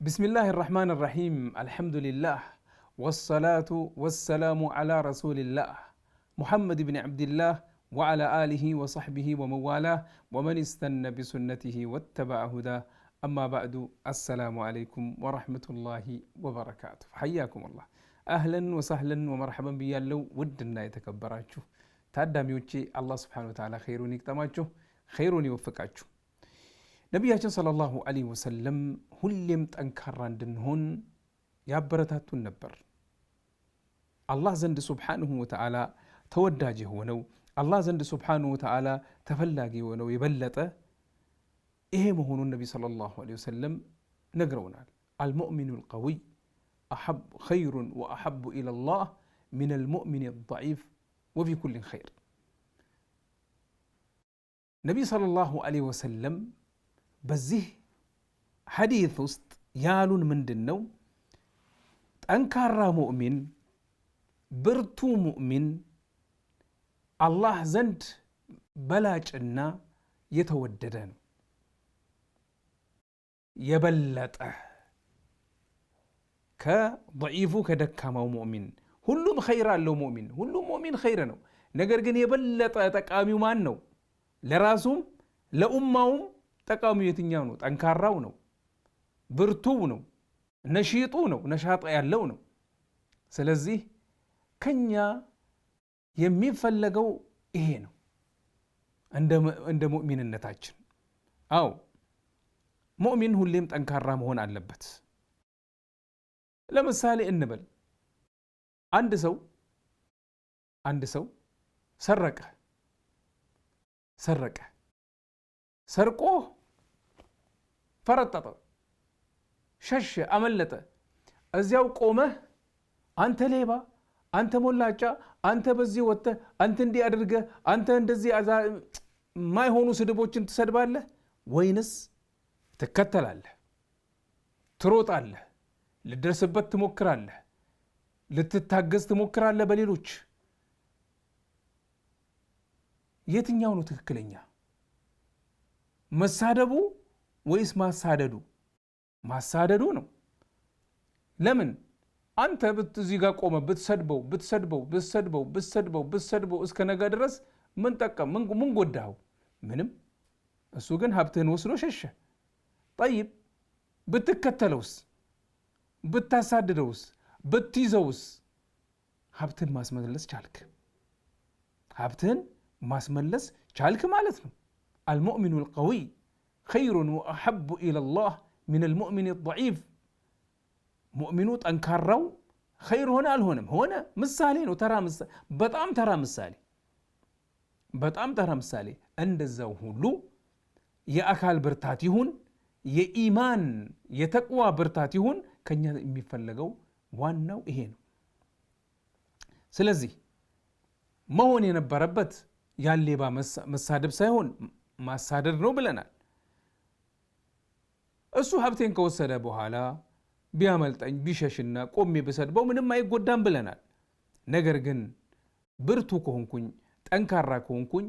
بسم الله الرحمن الرحيم الحمد لله والصلاة والسلام على رسول الله محمد بن عبد الله وعلى آله وصحبه وموالاه ومن استنى بسنته واتبع هداه أما بعد السلام عليكم ورحمة الله وبركاته حياكم الله أهلا وسهلا ومرحبا بيا لو ودنا يتكبراتشو تعدى ميوتشي الله سبحانه وتعالى خيروني يكتماتشو خيروني وفقاتشو ነቢያችን ሰለላሁ ዐለይሂ ወሰለም ሁሌም ጠንካራ እንድንሆን ያበረታቱን ነበር። አላህ ዘንድ ሱብሓነሁ ወተዓላ ተወዳጅ የሆነው አላህ ዘንድ ሱብሓነሁ ወተዓላ ተፈላጊ የሆነው የበለጠ ይሄ መሆኑን ነቢ ሰለላሁ ዐለይሂ ወሰለም ነግረውናል። አልሙእሚኑ ልቀዊይ ኸይሩን ወአሐቡ ኢለላህ ሚን አልሙእሚን አልደዒፍ ወፊ ኩሊን ኸይር ነቢ ሰለላሁ ዐለይሂ ወሰለም በዚህ ሐዲት ውስጥ ያሉን ምንድን ነው? ጠንካራ ሙእሚን፣ ብርቱ ሙእሚን አላህ ዘንድ በላጭና የተወደደ ነው። የበለጠ ከደዒፉ ከደካማው ሙእሚን ሁሉም ኸይር አለው። ሙእሚን ሁሉም ሙእሚን ኸይር ነው። ነገር ግን የበለጠ ጠቃሚው ማን ነው? ለራሱም ለኡማውም ጠቃሚው የትኛው ነው? ጠንካራው ነው፣ ብርቱው ነው፣ ነሺጡ ነው፣ ነሻጣ ያለው ነው። ስለዚህ ከኛ የሚፈለገው ይሄ ነው እንደ ሙእሚንነታችን። አዎ ሙእሚን ሁሌም ጠንካራ መሆን አለበት። ለምሳሌ እንበል አንድ ሰው አንድ ሰው ሰረቀ ሰረቀ ሰርቆ ፈረጠጠ፣ ሸሸ፣ አመለጠ። እዚያው ቆመህ አንተ ሌባ፣ አንተ ሞላጫ፣ አንተ በዚህ ወጥተህ አንተ እንዲህ አድርገህ አንተ እንደዚህ ማይሆኑ ስድቦችን ትሰድባለህ ወይንስ ትከተላለህ? ትሮጣለህ፣ ልደርስበት ትሞክራለህ፣ ልትታገዝ ትሞክራለህ በሌሎች የትኛው ነው ትክክለኛ መሳደቡ ወይስ ማሳደዱ? ማሳደዱ ነው። ለምን አንተ እዚህ ጋር ቆመ ብትሰድበው ብትሰድበው ብትሰድበው ብትሰድበው ብትሰድበው እስከ ነገ ድረስ ምን ጠቀም? ምን ጎዳኸው? ምንም። እሱ ግን ሀብትህን ወስዶ ሸሸ። ጠይብ ብትከተለውስ? ብታሳድደውስ? ብትይዘውስ? ሀብትህን ማስመለስ ቻልክ። ሀብትህን ማስመለስ ቻልክ ማለት ነው። አልሙእሚኑ አልቀዊይ ኸይሩን ወአሐቡ ኢለላህ ሚነል ሙእሚን ደዒፍ ሙእሚኑ ጠንካራው ኸይር ሆነ አልሆነም ሆነ ምሳሌ ነው። ተራ ምሳሌ በጣም ተራ ምሳሌ በጣም ተራ ምሳሌ። እንደዛው ሁሉ የአካል ብርታት ይሁን የኢማን የተቅዋ ብርታት ይሁን ከኛ የሚፈለገው ዋናው ይሄ ነው። ስለዚህ መሆን የነበረበት ያሌባ መሳደብ ሳይሆን ማሳደድ ነው ብለናል። እሱ ሀብቴን ከወሰደ በኋላ ቢያመልጠኝ ቢሸሽና ቆሜ ብሰድበው ምንም አይጎዳም ብለናል። ነገር ግን ብርቱ ከሆንኩኝ ጠንካራ ከሆንኩኝ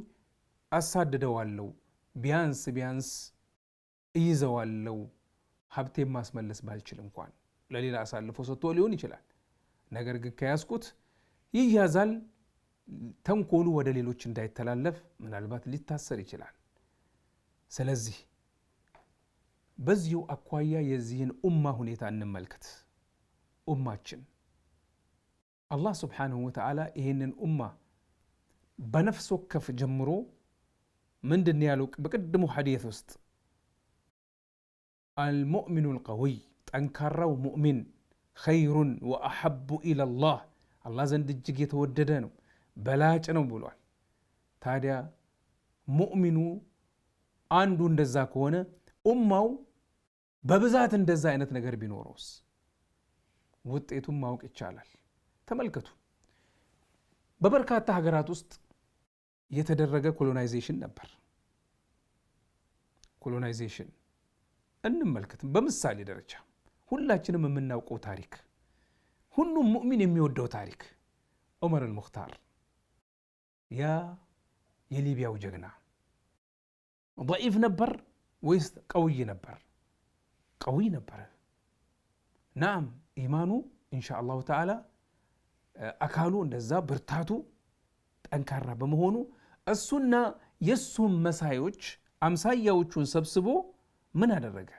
አሳድደዋለው ቢያንስ ቢያንስ እይዘዋለው። ሀብቴን ማስመለስ ባልችል እንኳን ለሌላ አሳልፎ ሰጥቶ ሊሆን ይችላል። ነገር ግን ከያዝኩት ይያዛል። ተንኮሉ ወደ ሌሎች እንዳይተላለፍ ምናልባት ሊታሰር ይችላል። ስለዚህ በዚሁ አኳያ የዚህን ኡማ ሁኔታ እንመልከት። ኡማችን አላህ ስብሓንሁ ወተዓላ ይህንን ኡማ በነፍስ ወከፍ ጀምሮ ምንድን ያለው? በቅድሙ ሐዲት ውስጥ አልሙእሚኑ ልቀዊይ ጠንካራው ሙእሚን ኸይሩን ወአሐቡ ኢለላህ አላህ ዘንድ እጅግ የተወደደ ነው በላጭ ነው ብሏል። ታዲያ ሙእሚኑ አንዱ እንደዛ ከሆነ ኡማው በብዛት እንደዛ አይነት ነገር ቢኖረውስ ውጤቱን ማወቅ ይቻላል። ተመልከቱ፣ በበርካታ ሀገራት ውስጥ የተደረገ ኮሎናይዜሽን ነበር። ኮሎናይዜሽን እንመልከትም በምሳሌ ደረጃ ሁላችንም የምናውቀው ታሪክ፣ ሁሉም ሙእሚን የሚወደው ታሪክ ዑመር አልሙኽታር ያ የሊቢያው ጀግና ደኢፍ ነበር ወይስ ቀውይ ነበር? ቀዊ ነበረ። ናም ኢማኑ ኢንሻ አላሁ ተዓላ አካሉ እንደዛ ብርታቱ ጠንካራ በመሆኑ እሱና የእሱም መሳዮች አምሳያዎቹን ሰብስቦ ምን አደረገ?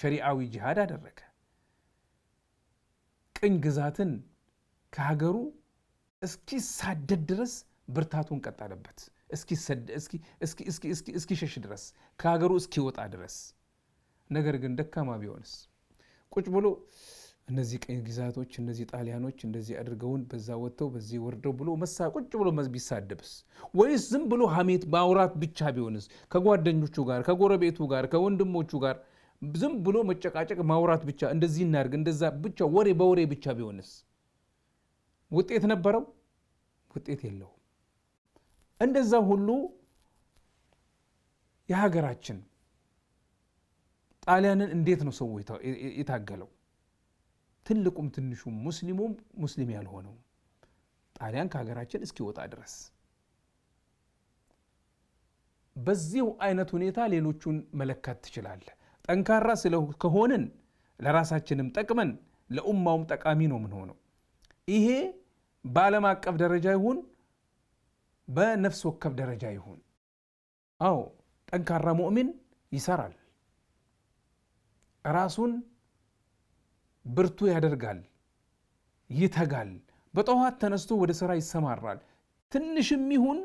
ሸሪአዊ ጂሃድ አደረገ። ቅኝ ግዛትን ከሀገሩ እስኪሳደድ ድረስ ብርታቱን ቀጠለበት፣ እስኪሸሽ ድረስ ከሀገሩ እስኪወጣ ድረስ ነገር ግን ደካማ ቢሆንስ ቁጭ ብሎ እነዚህ ቀኝ ግዛቶች እነዚህ ጣሊያኖች እንደዚህ አድርገውን በዛ ወጥተው በዚህ ወርደው ብሎ መሳ ቁጭ ብሎ ቢሳደብስ ወይስ ዝም ብሎ ሀሜት ማውራት ብቻ ቢሆንስ? ከጓደኞቹ ጋር ከጎረቤቱ ጋር ከወንድሞቹ ጋር ዝም ብሎ መጨቃጨቅ ማውራት ብቻ እንደዚህ እናድርግ እንደዛ ብቻ ወሬ በወሬ ብቻ ቢሆንስ ውጤት ነበረው? ውጤት የለውም። እንደዛ ሁሉ የሀገራችን ጣሊያንን እንዴት ነው ሰው የታገለው? ትልቁም ትንሹም ሙስሊሙም ሙስሊም ያልሆነው ጣሊያን ከሀገራችን እስኪወጣ ድረስ በዚሁ አይነት ሁኔታ ሌሎቹን መለካት ትችላለህ። ጠንካራ ከሆንን ለራሳችንም ጠቅመን ለኡማውም ጠቃሚ ነው የምንሆነው። ይሄ በዓለም አቀፍ ደረጃ ይሁን በነፍስ ወከፍ ደረጃ ይሁን፣ አዎ ጠንካራ ሙእሚን ይሰራል። ራሱን ብርቱ ያደርጋል፣ ይተጋል። በጠዋት ተነስቶ ወደ ሥራ ይሰማራል። ትንሽም ይሁን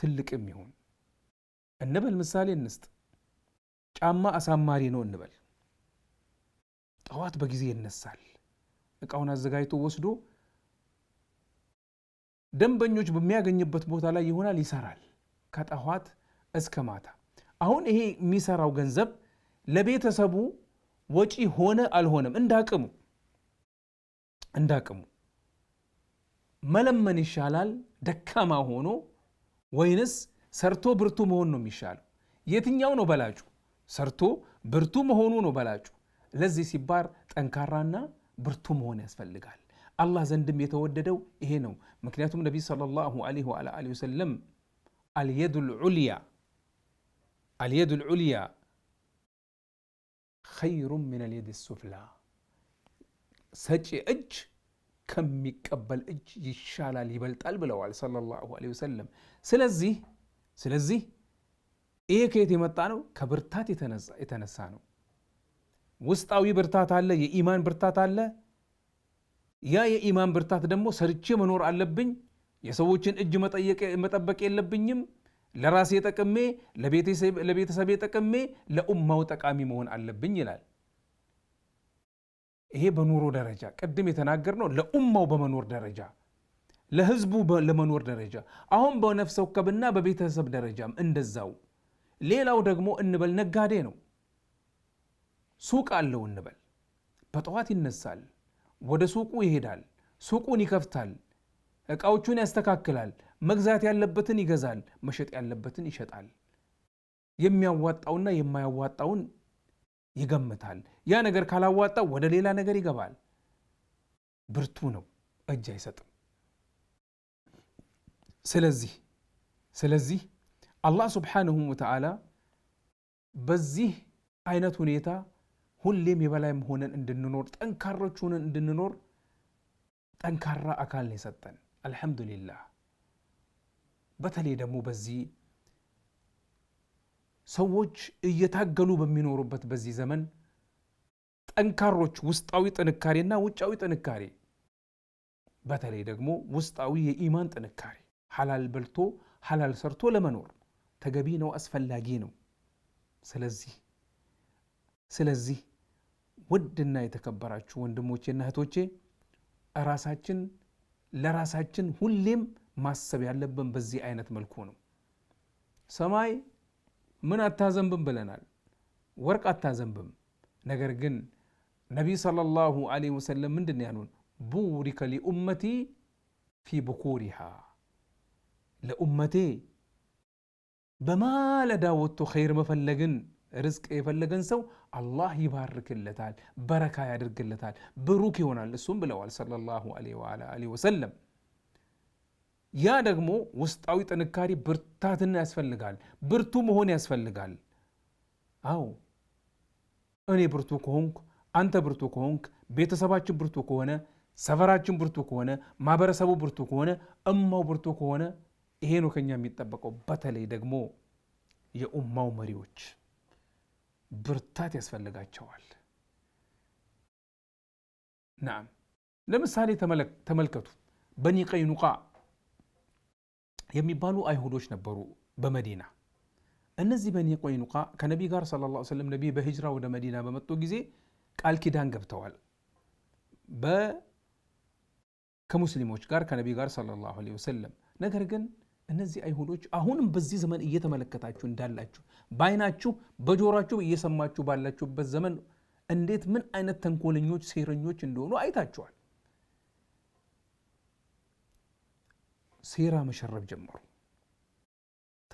ትልቅም ይሁን እንበል። ምሳሌ እንስጥ። ጫማ አሳማሪ ነው እንበል። ጠዋት በጊዜ ይነሳል። እቃውን አዘጋጅቶ ወስዶ ደንበኞች በሚያገኝበት ቦታ ላይ ይሆናል፣ ይሰራል ከጠዋት እስከ ማታ። አሁን ይሄ የሚሰራው ገንዘብ ለቤተሰቡ ወጪ ሆነ አልሆነም እንዳቅሙ እንዳቅሙ መለመን ይሻላል ደካማ ሆኖ ወይንስ ሰርቶ ብርቱ መሆን ነው የሚሻለው? የትኛው ነው በላጩ? ሰርቶ ብርቱ መሆኑ ነው በላጩ። ለዚህ ሲባር ጠንካራና ብርቱ መሆን ያስፈልጋል። አላህ ዘንድም የተወደደው ይሄ ነው። ምክንያቱም ነቢይ ሰለላሁ ዐለይሂ ወሰለም አልየዱ ልዑልያ ኸይሩን ሚነል የድ ሱፍላ ሰጪ እጅ ከሚቀበል እጅ ይሻላል ይበልጣል ብለዋል ሰለላሁ ዐለይሂ ወሰለም። ስለዚህ ስለዚህ ይሄ ከየት የመጣ ነው? ከብርታት የተነሳ ነው። ውስጣዊ ብርታት አለ፣ የኢማን ብርታት አለ። ያ የኢማን ብርታት ደግሞ ሰርቼ መኖር አለብኝ፣ የሰዎችን እጅ መጠበቅ የለብኝም ለራሴ ጠቅሜ ለቤተሰቤ ጠቅሜ ለኡማው ጠቃሚ መሆን አለብኝ ይላል። ይሄ በኑሮ ደረጃ ቅድም የተናገርነው ለኡማው በመኖር ደረጃ ለህዝቡ ለመኖር ደረጃ አሁን በነፍሰ ወከብና በቤተሰብ ደረጃም እንደዛው። ሌላው ደግሞ እንበል ነጋዴ ነው፣ ሱቅ አለው እንበል። በጠዋት ይነሳል፣ ወደ ሱቁ ይሄዳል፣ ሱቁን ይከፍታል፣ እቃዎቹን ያስተካክላል፣ መግዛት ያለበትን ይገዛል፣ መሸጥ ያለበትን ይሸጣል። የሚያዋጣውና የማያዋጣውን ይገምታል። ያ ነገር ካላዋጣው ወደ ሌላ ነገር ይገባል። ብርቱ ነው፣ እጅ አይሰጥም። ስለዚህ ስለዚህ አላህ ስብሓንሁ ወተዓላ በዚህ አይነት ሁኔታ ሁሌም የበላይ ሆነን እንድንኖር ጠንካሮች ሆነን እንድንኖር ጠንካራ አካል ነው የሰጠን። አልሐምዱሊላህ በተለይ ደግሞ በዚህ ሰዎች እየታገሉ በሚኖሩበት በዚህ ዘመን ጠንካሮች ውስጣዊ ጥንካሬና ውጫዊ ጥንካሬ በተለይ ደግሞ ውስጣዊ የኢማን ጥንካሬ ሐላል በልቶ ሐላል ሰርቶ ለመኖር ተገቢ ነው፣ አስፈላጊ ነው። ስለዚህ ስለዚህ ውድና የተከበራችሁ ወንድሞቼና እህቶቼ ራሳችን ለራሳችን ሁሌም ማሰብ ያለብን በዚህ አይነት መልኩ ነው። ሰማይ ምን አታዘንብም ብለናል፣ ወርቅ አታዘንብም። ነገር ግን ነቢይ ሰለላሁ ዐለይሂ ወሰለም ምንድን ያሉን? ቡሪከ ሊኡመቲ ፊ ብኩሪሃ ለኡመቴ በማለዳ ወጥቶ ኸይር መፈለግን ርዝቅ የፈለገን ሰው አላህ ይባርክለታል፣ በረካ ያደርግለታል፣ ብሩክ ይሆናል እሱም ብለዋል ሰለላሁ ዐለይሂ ወሰለም። ያ ደግሞ ውስጣዊ ጥንካሬ ብርታትና ያስፈልጋል። ብርቱ መሆን ያስፈልጋል። አዎ እኔ ብርቱ ከሆንኩ፣ አንተ ብርቱ ከሆንክ፣ ቤተሰባችን ብርቱ ከሆነ፣ ሰፈራችን ብርቱ ከሆነ፣ ማህበረሰቡ ብርቱ ከሆነ፣ እማው ብርቱ ከሆነ፣ ይሄ ነው ከኛ የሚጠበቀው። በተለይ ደግሞ የኡማው መሪዎች ብርታት ያስፈልጋቸዋል። ናም ለምሳሌ ተመልከቱ በኒ ቀይኑቃ የሚባሉ አይሁዶች ነበሩ በመዲና። እነዚህ በኒ ቆይኑቃ ከነቢይ ጋር ስለ ላ ስለም ነቢ በሂጅራ ወደ መዲና በመጡ ጊዜ ቃል ኪዳን ገብተዋል ከሙስሊሞች ጋር ከነቢ ጋር ሰለላሁ ዐለይሂ ወሰለም። ነገር ግን እነዚህ አይሁዶች አሁንም በዚህ ዘመን እየተመለከታችሁ እንዳላችሁ በአይናችሁ በጆሯችሁ እየሰማችሁ ባላችሁበት ዘመን እንዴት ምን አይነት ተንኮለኞች፣ ሴረኞች እንደሆኑ አይታችኋል። ሴራ መሸረብ ጀመሩ።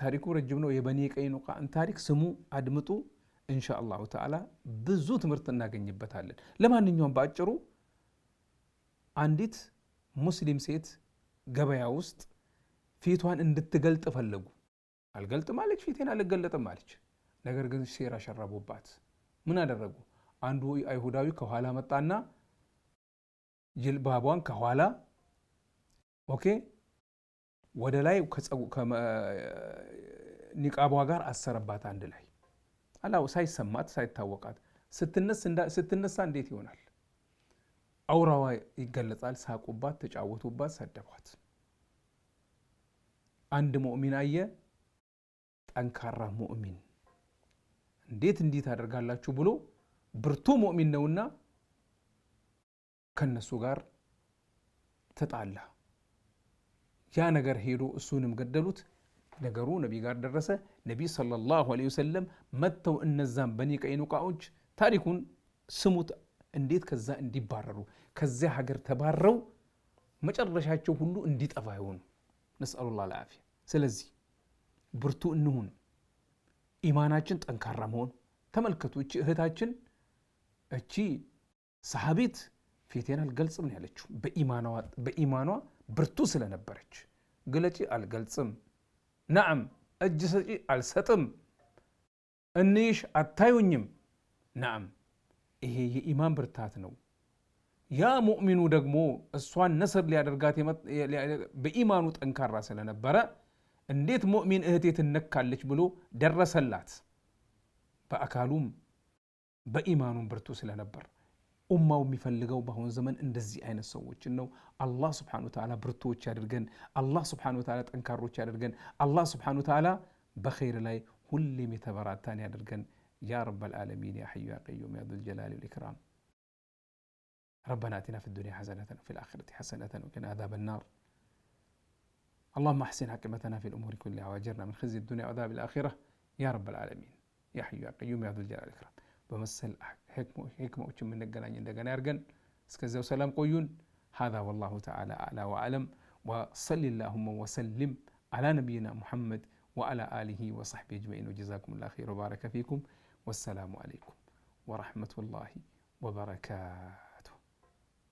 ታሪኩ ረጅም ነው። የበኒ ቀይኑቃን ታሪክ ስሙ፣ አድምጡ። እንሻ አላሁ ተዓላ ብዙ ትምህርት እናገኝበታለን። ለማንኛውም በአጭሩ አንዲት ሙስሊም ሴት ገበያ ውስጥ ፊቷን እንድትገልጥ ፈለጉ። አልገልጥም አለች፣ ፊቴን አልገለጥም አለች። ነገር ግን ሴራ ሸረቡባት። ምን አደረጉ? አንዱ አይሁዳዊ ከኋላ መጣና ጅልባቧን ከኋላ ኦኬ ወደ ላይ ኒቃቧ ጋር አሰረባት አንድ ላይ አላው ሳይሰማት ሳይታወቃት ስትነሳ እንዴት ይሆናል? አውራዋ ይገለጻል። ሳቁባት፣ ተጫወቱባት፣ ሰደቧት። አንድ ሙእሚን አየ ጠንካራ ሙእሚን እንዴት እንዲህ ታደርጋላችሁ ብሎ ብርቱ ሙእሚን ነውና ከነሱ ጋር ተጣላ። ያ ነገር ሄዶ እሱንም ገደሉት። ነገሩ ነቢ ጋር ደረሰ። ነቢ ሰለላሁ ዐለይሂ ወሰለም መጥተው እነዛን በኒ ቀይኑቃዎች ታሪኩን ስሙት፣ እንዴት ከዛ እንዲባረሩ ከዚያ ሀገር ተባረው መጨረሻቸው ሁሉ እንዲጠፋ ይሆኑ። ነስአሉላህ ልአፊያ። ስለዚህ ብርቱ እንሁን፣ ኢማናችን ጠንካራ መሆን። ተመልከቱ፣ እቺ እህታችን እቺ ሰሃቢት ፊቴን አልገልጽም ነው ያለችው በኢማኗ ብርቱ ስለነበረች ግለጪ አልገልጽም፣ ናዕም እጅ ሰጪ አልሰጥም፣ እንይሽ አታዩኝም፣ ናዕም። ይሄ የኢማን ብርታት ነው። ያ ሙእሚኑ ደግሞ እሷን ነስር ሊያደርጋት በኢማኑ ጠንካራ ስለነበረ እንዴት ሙእሚን እህቴ ትነካለች ብሎ ደረሰላት። በአካሉም በኢማኑም ብርቱ ስለነበር ኡማው የሚፈልገው በአሁኑ ዘመን እንደዚህ አይነት ሰዎችን ነው። አላህ ስብሓነ ወተዓላ ብርቶዎች ያደርገን። አላህ ስብሓነ ወተዓላ ጠንካሮች ያደርገን። አላህ ስብሓነ ወተዓላ በኸይር ላይ ሁሌም የተበራታን ያደርገን። يا رب العالمين يا حي يا قيوم يا ذو الجلال والإكرام ربنا آتنا في الدنيا حسنة وفي الآخرة حسنة وقنا عذاب النار اللهم احسن حكمتنا في الأمور كلها وأجرنا من خزي الدنيا وعذاب الآخرة يا رب العالمين يا حي يا قيوم يا ذو الجلال والإكرام بمثل أحد ሕክሞች የምንገናኝ እንደገና ያርገን። እስከዚያው ሰላም ቆዩን። ሀዛ ወላሁ ተዓላ አላ ወአለም። ወሰሊ ላሁመ ወሰልም አላ ነቢይና ሙሐመድ ወአላ አሊሂ ወሳሕቢ አጅመዒን። ወጀዛኩም ላ ኸይር ወባረከ ፊኩም። ወሰላሙ አለይኩም ወረሕመቱላሂ ወበረካቱ